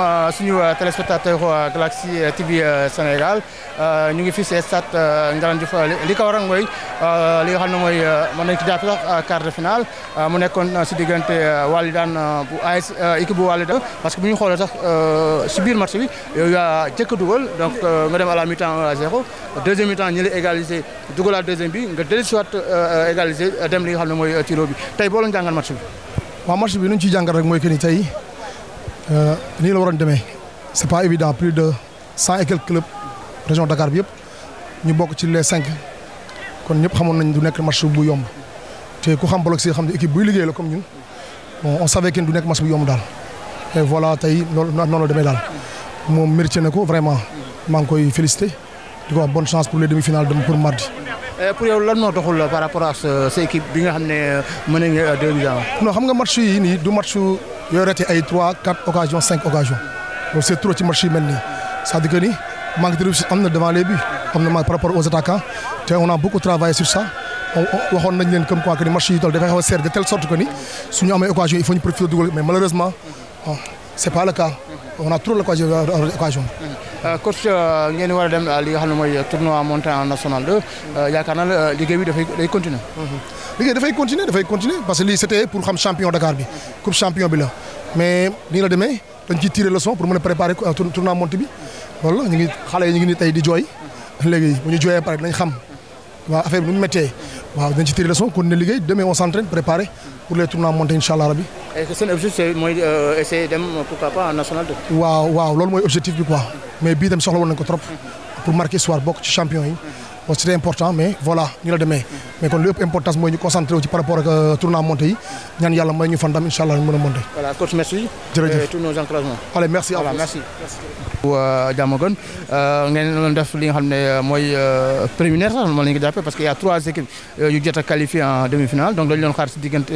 Euh, suñu euh, téléspectateur euh, Galaxy TV Sénégal ñu ngi fii si stade Ngalandou Diouf li ko waral mooy li nga xam ne mooy mën nañ ci jàpp sax quart de mu nekkoon si diggante Walidane bu AS équipe bu Walidane parce que bu ñu xoolee sax si biir match bi jëkk a donc nga dem à la mi-temps à zéro égalisé dugalaat deuxième bi nga dellu si waat dem li nga xam ne mooy tiro bi tey boo leen jàngal match bi. waaw match bi lu ñu ciy rek mooy que tey. nii la c'est pas évident plus de 100 et quelques clubs région Dakar nous les cinq kon ñëpp xamoon nañ du match bu yomb ku xam équipe comme ñun on savait et voilà tey loolu vraiment félicité bonne chance pour les demi-finales de pour mardi. pour yow lan par rapport à équipe bi nga euh, euh, non yooyu raté ay 3 4 occasions 5 occasions c'est trop de marché maintenant. Ça veut c'est-à-dire que manque de réussite devant les buts par rapport aux attaquants on a beaucoup travaillé sur ça On nañ leen comme quoi que les marchés yi toll xaw a de telle sorte que ni avons des occasion il faut une profiter mais malheureusement ce n'est pas le cas on a trop l'occasion occasion euh, coach euh, ngeen war a dem euh, le nga xam tournoi montant national 2 il y a un bi dafay continue. Mm-hmm liggéey dafay continuer dafay continuer parce que c'était pour xam champion Dakar bi coupe champion bi la mais nii la demee dañ ciy tiré leçon pour me préparer au euh, tournoi monte bi voilà la ñu ngi xale yi ñu ngi ni tey di jooy léegi bu ñu jooyee pare dinañ xam waaw affaire waaw dañ ci tiré leçon kon ne liggéey demain on s'entraîne préparer pour les tournois montés incha allah rabi. est-ce que un objectif c'est euh, essayer dem euh, pourquoi pas en national de. waaw waaw loolu objectif bi quoi mais bii tam soxla woon nañ ko trop pour marquer soir bokk ci champion yi kon c'était important mais voilà ñu la demain. mais kon l'importance, moi, importance mooy ñu concentré wu ci par rapport au euh, tournoi monté yi ñaan yàlla may ñu fan Inch'Allah, incha allah ñu mën a monté. voilà coach merci. jërëjëf tous nos encouragements. allez merci à vous merci. Diamaguène euh, ngeen doon def li nga xam ne euh, préliminaire sax moom la ñu ko parce qu'il y' a trois équipes yu jot a qualifié en demi-finale donc dañu doon xaar si diggante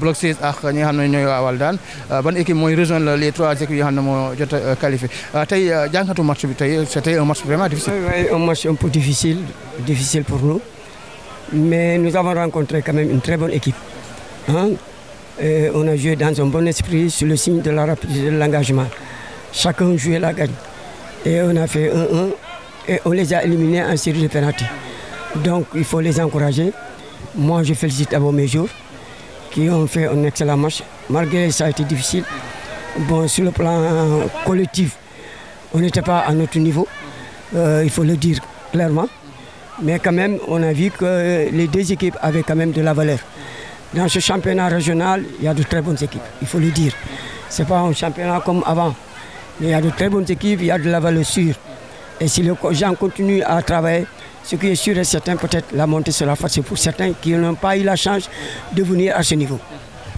bloc 16 ak ñi nga xam ne ñooy waa Waldaan ban équipe mooy rejoindre les trois équipes yi nga xam ne moo jot qualifié tey jànkatu match bi tey c' un match vraiment difficile. oui un match un peu difficile difficile pour nous. Mais nous avons rencontré quand même une très bonne équipe. Hein. on a joué dans un bon esprit sur le signe de l'engagement. Chacun jouait la gagne. Et on a fait 1-1 et on les a éliminés en série de pénalty. Donc il faut les encourager. Moi je félicite à mes jours qui ont fait un excellent match. Malgré ça a été difficile. Bon, sur le plan collectif, on n'était pas à notre niveau. Euh, il faut le dire clairement. Mais quand même, on a vu que les deux équipes avaient quand même de la valeur. Dans ce championnat régional, il y a de très bonnes équipes, il faut le dire. Ce n'est pas un championnat comme avant. Mais il y a de très bonnes équipes, il y a de la valeur sûre. Et si les gens continuent à travailler, ce qui est sûr et certain, peut-être la montée sera facile pour certains qui n'ont pas eu la chance de venir à ce niveau.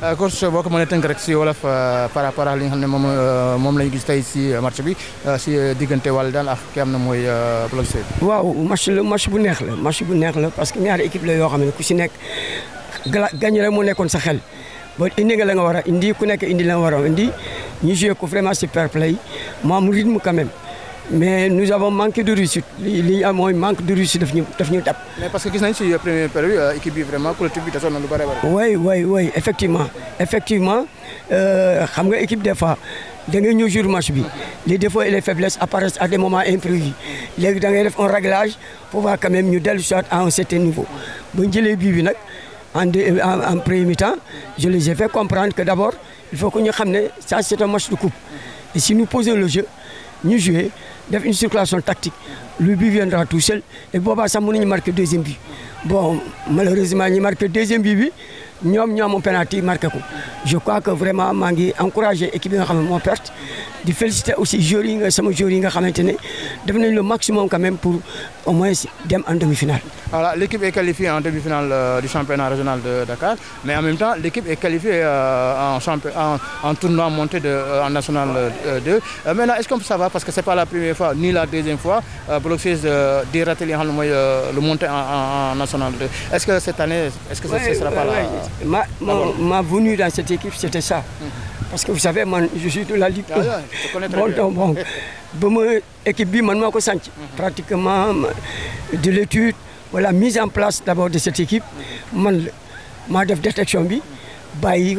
Euh, coach boo ko mënee tënk rek si wolof euh, par rapport ak xam ne moom euh, moom lañu gis tey si match bi si diggante Wallydaan ak ki am na mooy Bloc Sèye. waaw match la match bu neex la match bu neex la parce que ñaari équipe la yoo xam ne ku si nekk gala gagné rek moo nekkoon sa xel ba indi nga la nga war a indi ku nekk indi la nga war a indi ñu joué ko vraiment super play mu am rythme quand même. mais nous avons manqué de réussite Il y a moins manque de réussite de venir taper. mais parce que gis nañ première période euh, équipe est vraiment pour le dans le lu oui oui oui effectivement effectivement euh, xam nga équipe des fois da ngay jour match les défauts et les faiblesses apparaissent à des moments imprévus Les da ngay un réglage pour voir quand même que nous soit à un certain niveau bu je en premier temps je les ai fait comprendre que d'abord, il faut que nous xam ça c'est un match de coupe et si nous posons le jeu nous jouons, a une circulation tactique le but viendra tout seul et ça, ça marque marqué deuxième but bon malheureusement ñi marqué deuxième but bi ñom a penalty marqué ko je crois que vraiment je ngi encouragé équipe nga xam mon perte di féliciter aussi joueurs et nga sama devenir nga le maximum quand même pour au moins en demi-finale. l'équipe est qualifiée en demi-finale euh, du championnat régional de Dakar, mais en même temps l'équipe est qualifiée euh, en, tournoi monté de, euh, en National 2. maintenant, est-ce qu'on peut savoir, parce que ce n'est pas la première fois ni la deuxième fois, Bloc 6 le monté en, National 2. Est-ce que cette année, est-ce que ne sera pas la... Ma, ma, venue dans cette équipe, c'était ça. Mhm parce que vous savez je suis de la Ligue 1 ah, bon donc bon équipe bi man mhm. pratiquement de l'étude voilà mise en place d'abord de cette équipe mhm. man me def détection bi bàyyi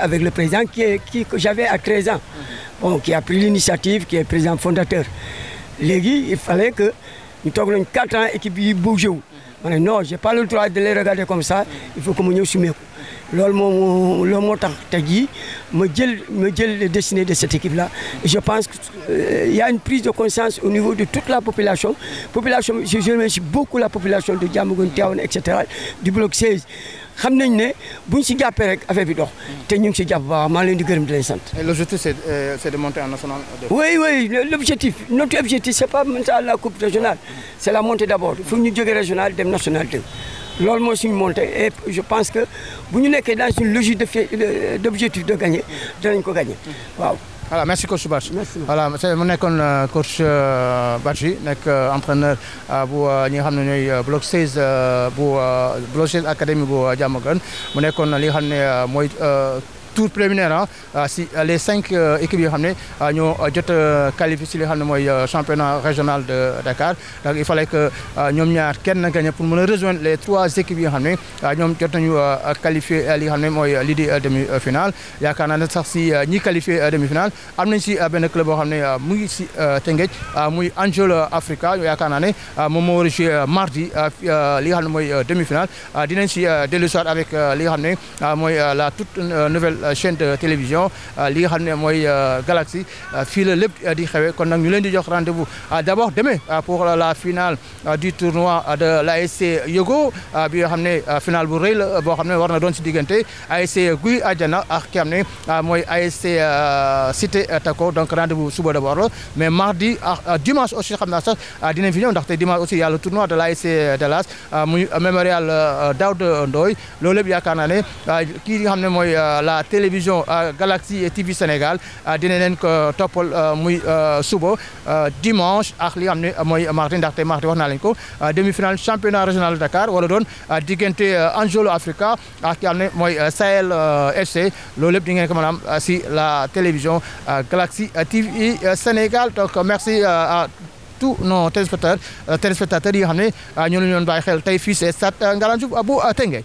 avec le président qui qui que j'avais à 13 ans mhm. bon qui a pris l'initiative qui est président fondateur Légui, il fallait que nous soyons 4 ans équipe qu'il Non, Non, je n'ai pas le droit de les regarder comme ça il faut que nous soyons. L'homme mot loolu moo me ma de cette équipe là je pense qu'il euh, y a une prise de conscience au niveau de toute la population population je je remercie beaucoup la population de Diamaguène Tivaouane et du bloc 16 ne rek affaire bi dox ñu ngi et l'objectif c'est euh, c'est de monter en national. oui oui l'objectif notre objectif c'est pas monter la coupe régionale c'est la montée d'abord il faut ñu jógee régional dem national 2 lol mooy suñu monté et je pense que bu ñu nekkee dans une logique de d' de gagner danañ ko gagner waaw. voilà merci coach Badji voilà mu nekkoon euh, coach euh, Badji nekk euh, entraîneur bu ñi nga xam ne ñooy bloc 16 bu bloc 16 académie bu Diamaguène mu nekkoon li nga xam ne mooy tour préliminaire hein. euh, si euh, les cinq euh, équipes yoo ont ne jot qualifié si li championnat régional de Dakar donc il fallait que nous ñaar kenn gagné pour mën rejoindre les trois équipes yi nga xam ne ñoom qualifié li nga demi-finale yaakaar naa ne sax si ñi qualifié demi-finale am si benn club boo xam ne mu ngi si Angel Africa yaakaar naa ne moom moo war a mardi li nga xam demi-finale dinañ si le soir avec li nga xam la toute nouvelle euh, chaîne de télévision euh, li xamné moy euh, Galaxy fi le di xewé kon nak ñu leen di jox rendez-vous d'abord demain pour la finale du tournoi de l'ASC Yogo bi xamné finale bu reuy la bo xamné war na doon ci diggante ASC Guy Adjana ak ki xam ne ASC Cité Tako donc rendez-vous suba d'abord mais mardi dimanche aussi xamna naa sax dinañ fi ñëw dimanche aussi tournoi de l'ASC Dallas muy mémorial Daoud Ndoy le lépp qui a amené moi la la télévision euh, Galaxy et TV Sénégal euh, a leen ko topol euh, muy suba dimanche ak li xam moy mooy mardi ndaxte mardi wax naa ko demi-finale championnat régional de Dakar wala don digenté Angelo Africa ak ki xam Sahel FC loolu lépp di ngeen ko manam a si la télévision Galaxy TV Sénégal donc merci à tous nos téléspectateurs téléspectateurs yi nga ñu ñu ñoo xel tay fi c'est stade Ngalandou Abou Tengue